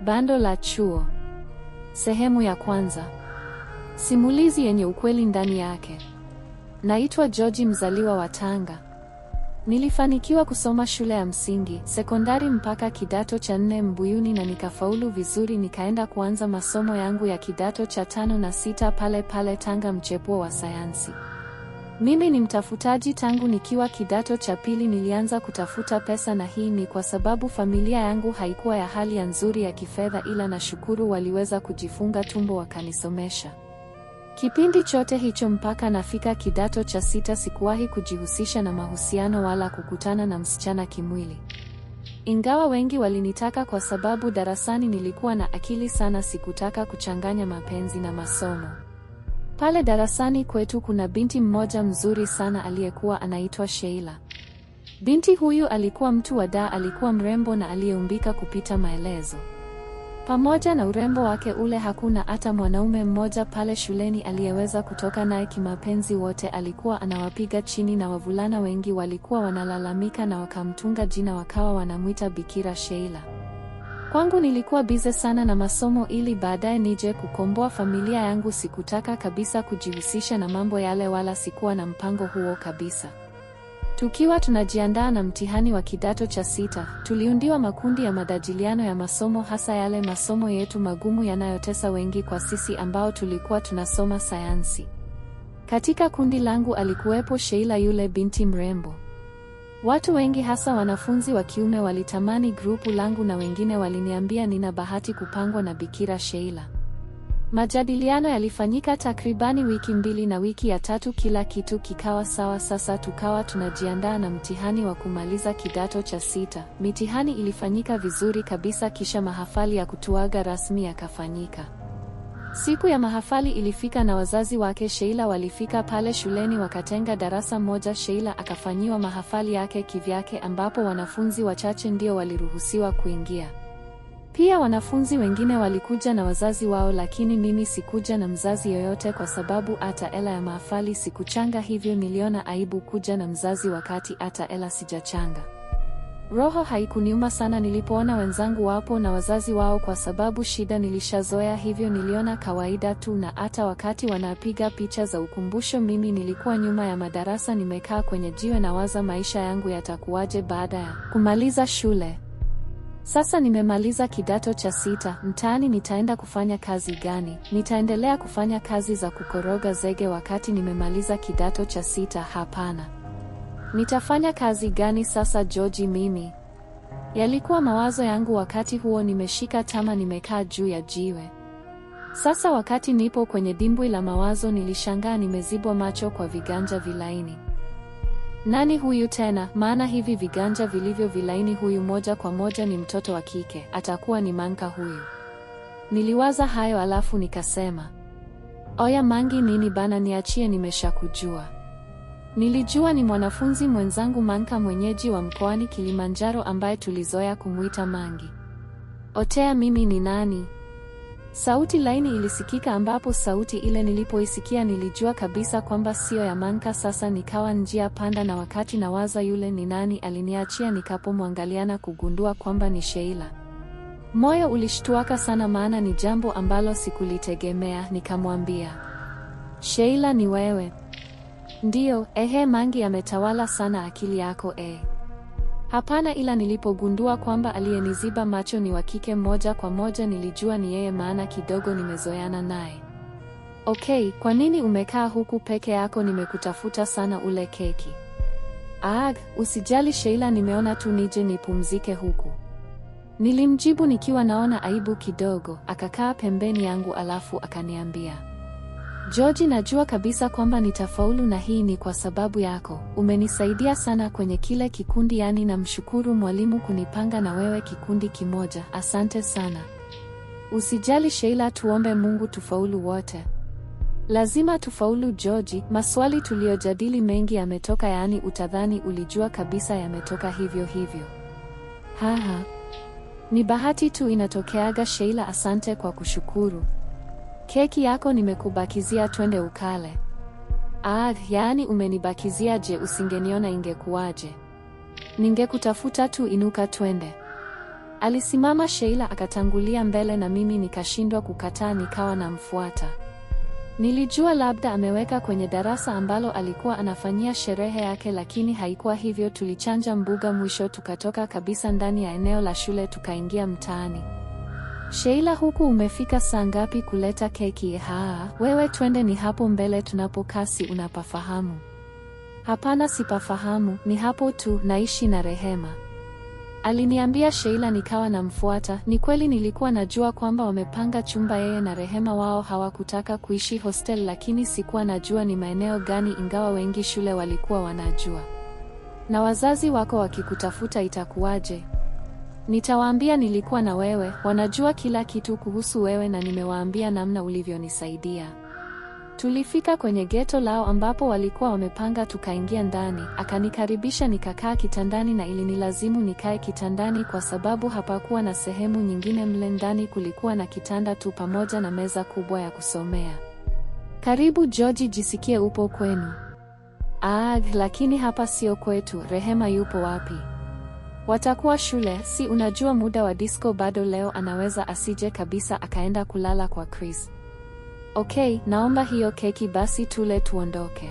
Bando la Chuo, sehemu ya kwanza. Simulizi yenye ukweli ndani yake. Naitwa George, mzaliwa wa Tanga. Nilifanikiwa kusoma shule ya msingi, sekondari mpaka kidato cha nne Mbuyuni na nikafaulu vizuri, nikaenda kuanza masomo yangu ya kidato cha tano na sita pale pale Tanga, mchepuo wa sayansi. Mimi ni mtafutaji tangu nikiwa kidato cha pili nilianza kutafuta pesa na hii ni kwa sababu familia yangu haikuwa ya hali ya nzuri ya kifedha ila nashukuru waliweza kujifunga tumbo wakanisomesha. Kipindi chote hicho mpaka nafika kidato cha sita sikuwahi kujihusisha na mahusiano wala kukutana na msichana kimwili. Ingawa wengi walinitaka kwa sababu darasani nilikuwa na akili sana sikutaka kuchanganya mapenzi na masomo. Pale darasani kwetu kuna binti mmoja mzuri sana aliyekuwa anaitwa Sheila. Binti huyu alikuwa mtu wa daa, alikuwa mrembo na aliyeumbika kupita maelezo. Pamoja na urembo wake ule, hakuna hata mwanaume mmoja pale shuleni aliyeweza kutoka naye kimapenzi. Wote alikuwa anawapiga chini, na wavulana wengi walikuwa wanalalamika na wakamtunga jina, wakawa wanamwita Bikira Sheila. Kwangu nilikuwa bize sana na masomo ili baadaye nije kukomboa familia yangu. Sikutaka kabisa kujihusisha na mambo yale, wala sikuwa na mpango huo kabisa. Tukiwa tunajiandaa na mtihani wa kidato cha sita, tuliundiwa makundi ya majadiliano ya masomo, hasa yale masomo yetu magumu yanayotesa wengi kwa sisi ambao tulikuwa tunasoma sayansi. Katika kundi langu alikuwepo Sheila, yule binti mrembo. Watu wengi hasa wanafunzi wa kiume walitamani grupu langu na wengine waliniambia nina bahati kupangwa na Bikira Sheila. Majadiliano yalifanyika takribani wiki mbili na wiki ya tatu kila kitu kikawa sawa sasa tukawa tunajiandaa na mtihani wa kumaliza kidato cha sita. Mitihani ilifanyika vizuri kabisa kisha mahafali ya kutuaga rasmi yakafanyika. Siku ya mahafali ilifika na wazazi wake Sheila walifika pale shuleni wakatenga darasa moja. Sheila akafanyiwa mahafali yake kivyake ambapo wanafunzi wachache ndio waliruhusiwa kuingia. Pia wanafunzi wengine walikuja na wazazi wao, lakini mimi sikuja na mzazi yoyote kwa sababu hata ela ya mahafali sikuchanga, hivyo niliona aibu kuja na mzazi wakati hata ela sijachanga. Roho haikuniuma sana nilipoona wenzangu wapo na wazazi wao, kwa sababu shida nilishazoea, hivyo niliona kawaida tu, na hata wakati wanapiga picha za ukumbusho, mimi nilikuwa nyuma ya madarasa nimekaa kwenye jiwe na waza maisha yangu yatakuwaje baada ya kumaliza shule. Sasa nimemaliza kidato cha sita, mtaani nitaenda kufanya kazi gani? Nitaendelea kufanya kazi za kukoroga zege wakati nimemaliza kidato cha sita? Hapana. Nitafanya kazi gani sasa George mimi? Yalikuwa mawazo yangu wakati huo nimeshika tama nimekaa juu ya jiwe. Sasa wakati nipo kwenye dimbwi la mawazo nilishangaa nimezibwa macho kwa viganja vilaini. Nani huyu tena? Maana hivi viganja vilivyo vilaini huyu moja kwa moja ni mtoto wa kike, atakuwa ni Manka huyu. Niliwaza hayo alafu nikasema, Oya Mangi nini bana niachie nimeshakujua. Nilijua ni mwanafunzi mwenzangu Manka mwenyeji wa mkoani Kilimanjaro ambaye tulizoea kumwita Mangi. Otea mimi ni nani? Sauti laini ilisikika ambapo sauti ile nilipoisikia nilijua kabisa kwamba sio ya Manka. Sasa nikawa njia panda, na wakati na waza yule ni nani aliniachia, nikapomwangaliana kugundua kwamba ni Sheila. Moyo ulishtuaka sana, maana ni jambo ambalo sikulitegemea. Nikamwambia Sheila, ni wewe? Ndiyo, ehe, mangi ametawala sana akili yako eh. Hapana, ila nilipogundua kwamba aliyeniziba macho ni wa kike, moja kwa moja nilijua ni yeye, maana kidogo nimezoeana naye. Okay, kwa nini umekaa huku peke yako? Nimekutafuta sana ule keki. Ag, usijali Sheila, nimeona tu nije nipumzike huku, nilimjibu nikiwa naona aibu kidogo. Akakaa pembeni yangu alafu akaniambia George, najua kabisa kwamba nitafaulu na hii ni kwa sababu yako. Umenisaidia sana kwenye kile kikundi, yani namshukuru mwalimu kunipanga na wewe kikundi kimoja. Asante sana. Usijali Sheila, tuombe Mungu tufaulu wote. Lazima tufaulu George. Maswali tuliyojadili mengi yametoka, yaani utadhani ulijua kabisa, yametoka hivyo hivyo. Haha. Ni bahati tu inatokeaga Sheila, asante kwa kushukuru. Keki yako nimekubakizia, twende ukale. Ah, yaani umenibakizia? Je, usingeniona ingekuwaje? Ningekutafuta tu, inuka twende. Alisimama Sheila akatangulia mbele na mimi nikashindwa kukataa, nikawa namfuata. Nilijua labda ameweka kwenye darasa ambalo alikuwa anafanyia sherehe yake, lakini haikuwa hivyo. Tulichanja mbuga, mwisho tukatoka kabisa ndani ya eneo la shule tukaingia mtaani. Sheila, huku umefika saa ngapi kuleta keki? Haa, wewe twende, ni hapo mbele tunapokasi, unapafahamu? Hapana, sipafahamu, ni hapo tu naishi na Rehema, aliniambia Sheila, nikawa namfuata. Ni kweli nilikuwa najua kwamba wamepanga chumba yeye na Rehema, wao hawakutaka kuishi hostel, lakini sikuwa najua ni maeneo gani, ingawa wengi shule walikuwa wanajua. Na wazazi wako wakikutafuta itakuwaje? Nitawaambia nilikuwa na wewe, wanajua kila kitu kuhusu wewe na nimewaambia namna ulivyonisaidia. Tulifika kwenye geto lao ambapo walikuwa wamepanga, tukaingia ndani. Akanikaribisha nikakaa kitandani na ilinilazimu nikae kitandani kwa sababu hapakuwa na sehemu nyingine mle ndani, kulikuwa na kitanda tu pamoja na meza kubwa ya kusomea. Karibu George, jisikie upo kwenu. Ah, lakini hapa sio kwetu. Rehema yupo wapi? Watakuwa shule, si unajua muda wa disco bado leo anaweza asije kabisa akaenda kulala kwa Chris. Okay, naomba hiyo keki basi tule tuondoke.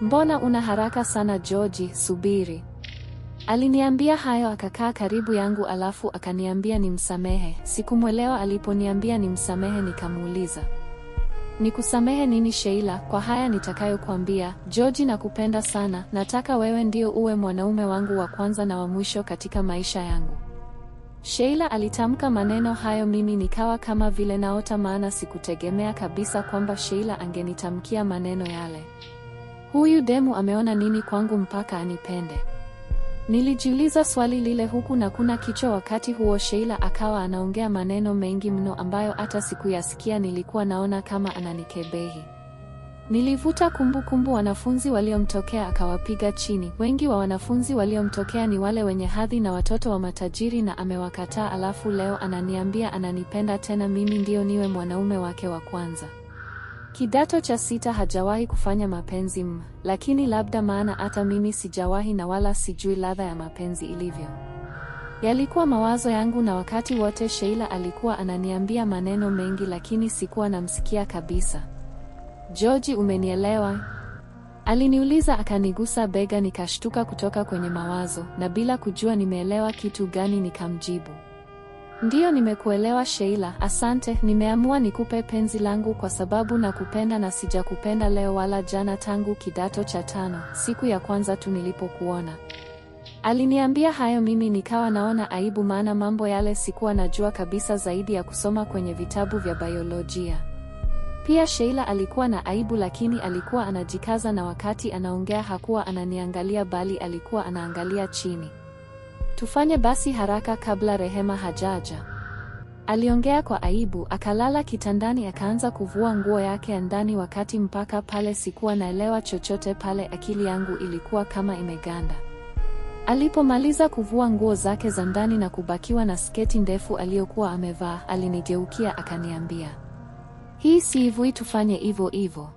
Mbona una haraka sana George, subiri. Aliniambia hayo akakaa karibu yangu alafu akaniambia nimsamehe. Sikumwelewa aliponiambia nimsamehe nikamuuliza Nikusamehe nini Sheila kwa haya nitakayokuambia. George, nakupenda sana, nataka wewe ndio uwe mwanaume wangu wa kwanza na wa mwisho katika maisha yangu. Sheila alitamka maneno hayo, mimi nikawa kama vile naota, maana sikutegemea kabisa kwamba Sheila angenitamkia maneno yale. Huyu demu ameona nini kwangu mpaka anipende? Nilijiuliza swali lile huku na kuna kichwa. Wakati huo Sheila akawa anaongea maneno mengi mno ambayo hata sikuyasikia, nilikuwa naona kama ananikebehi. Nilivuta kumbukumbu kumbu wanafunzi waliomtokea akawapiga chini. Wengi wa wanafunzi waliomtokea ni wale wenye hadhi na watoto wa matajiri na amewakataa, alafu leo ananiambia ananipenda tena mimi ndio niwe mwanaume wake wa kwanza. Kidato cha sita hajawahi kufanya mapenzi m, lakini labda maana hata mimi sijawahi na wala sijui ladha ya mapenzi ilivyo. Yalikuwa mawazo yangu na wakati wote Sheila alikuwa ananiambia maneno mengi lakini sikuwa namsikia kabisa. George, umenielewa? Aliniuliza akanigusa bega nikashtuka kutoka kwenye mawazo na bila kujua nimeelewa kitu gani nikamjibu. Ndiyo, nimekuelewa Sheila, asante. Nimeamua nikupe penzi langu kwa sababu nakupenda na sijakupenda leo wala jana, tangu kidato cha tano, siku ya kwanza tu nilipokuona. Aliniambia hayo, mimi nikawa naona aibu, maana mambo yale sikuwa najua kabisa zaidi ya kusoma kwenye vitabu vya biolojia. Pia Sheila alikuwa na aibu, lakini alikuwa anajikaza, na wakati anaongea hakuwa ananiangalia, bali alikuwa anaangalia chini. Tufanye basi haraka kabla Rehema hajaja. Aliongea kwa aibu, akalala kitandani akaanza kuvua nguo yake ya ndani wakati mpaka pale sikuwa naelewa chochote pale, akili yangu ilikuwa kama imeganda. Alipomaliza kuvua nguo zake za ndani na kubakiwa na sketi ndefu aliyokuwa amevaa, alinigeukia akaniambia, "Hii si tufanye hivyo hivyo."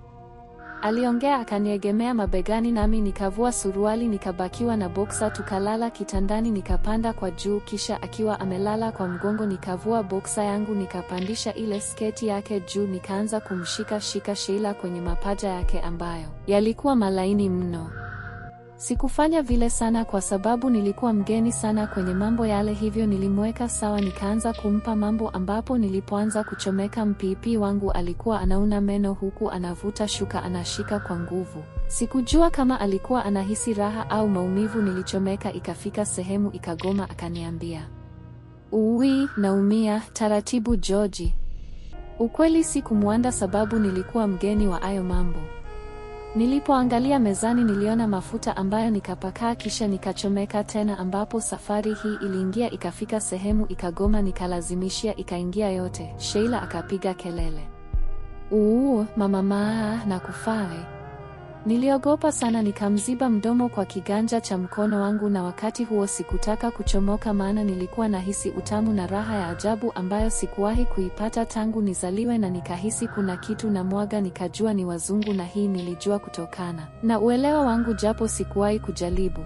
Aliongea akaniegemea mabegani nami nikavua suruali nikabakiwa na boksa tukalala kitandani nikapanda kwa juu kisha akiwa amelala kwa mgongo nikavua boksa yangu nikapandisha ile sketi yake juu nikaanza kumshika shika Sheila kwenye mapaja yake ambayo yalikuwa malaini mno. Sikufanya vile sana kwa sababu nilikuwa mgeni sana kwenye mambo yale, hivyo nilimweka sawa, nikaanza kumpa mambo, ambapo nilipoanza kuchomeka mpipi wangu alikuwa anauna meno huku anavuta shuka anashika kwa nguvu. Sikujua kama alikuwa anahisi raha au maumivu. Nilichomeka ikafika sehemu ikagoma, akaniambia uwi, naumia taratibu George. Ukweli sikumwanda sababu nilikuwa mgeni wa ayo mambo. Nilipoangalia mezani niliona mafuta ambayo nikapakaa kisha nikachomeka tena ambapo safari hii iliingia ikafika sehemu ikagoma nikalazimishia ikaingia yote. Sheila akapiga kelele. Uu, mama maa na kufai. Niliogopa sana nikamziba mdomo kwa kiganja cha mkono wangu na wakati huo sikutaka kuchomoka maana nilikuwa nahisi utamu na raha ya ajabu ambayo sikuwahi kuipata tangu nizaliwe na nikahisi kuna kitu na mwaga nikajua ni wazungu na hii nilijua kutokana na uelewa wangu japo sikuwahi kujaribu.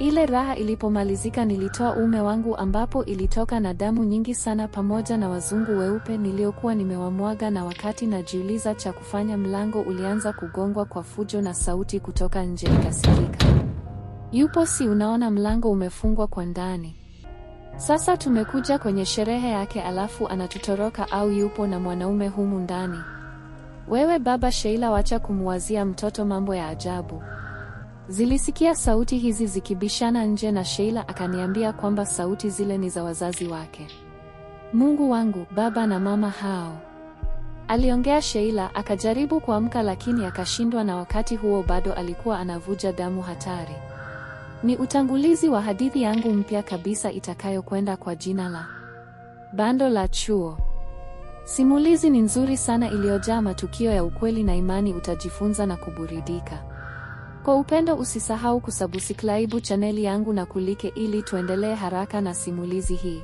Ile raha ilipomalizika nilitoa uume wangu ambapo ilitoka na damu nyingi sana pamoja na wazungu weupe niliokuwa nimewamwaga na wakati najiuliza cha kufanya mlango ulianza kugongwa kwa fujo na sauti kutoka nje ikasikika. Yupo si unaona mlango umefungwa kwa ndani. Sasa tumekuja kwenye sherehe yake alafu anatutoroka au yupo na mwanaume humu ndani. Wewe baba Sheila wacha kumwazia mtoto mambo ya ajabu. Zilisikia sauti hizi zikibishana nje na Sheila akaniambia kwamba sauti zile ni za wazazi wake. Mungu wangu, baba na mama hao. Aliongea Sheila akajaribu kuamka lakini akashindwa na wakati huo bado alikuwa anavuja damu hatari. Ni utangulizi wa hadithi yangu mpya kabisa itakayokwenda kwa jina la Bando la Chuo. Simulizi ni nzuri sana iliyojaa matukio ya ukweli na imani utajifunza na kuburidika. Kwa upendo usisahau kusubscribe chaneli yangu na kulike ili tuendelee haraka na simulizi hii.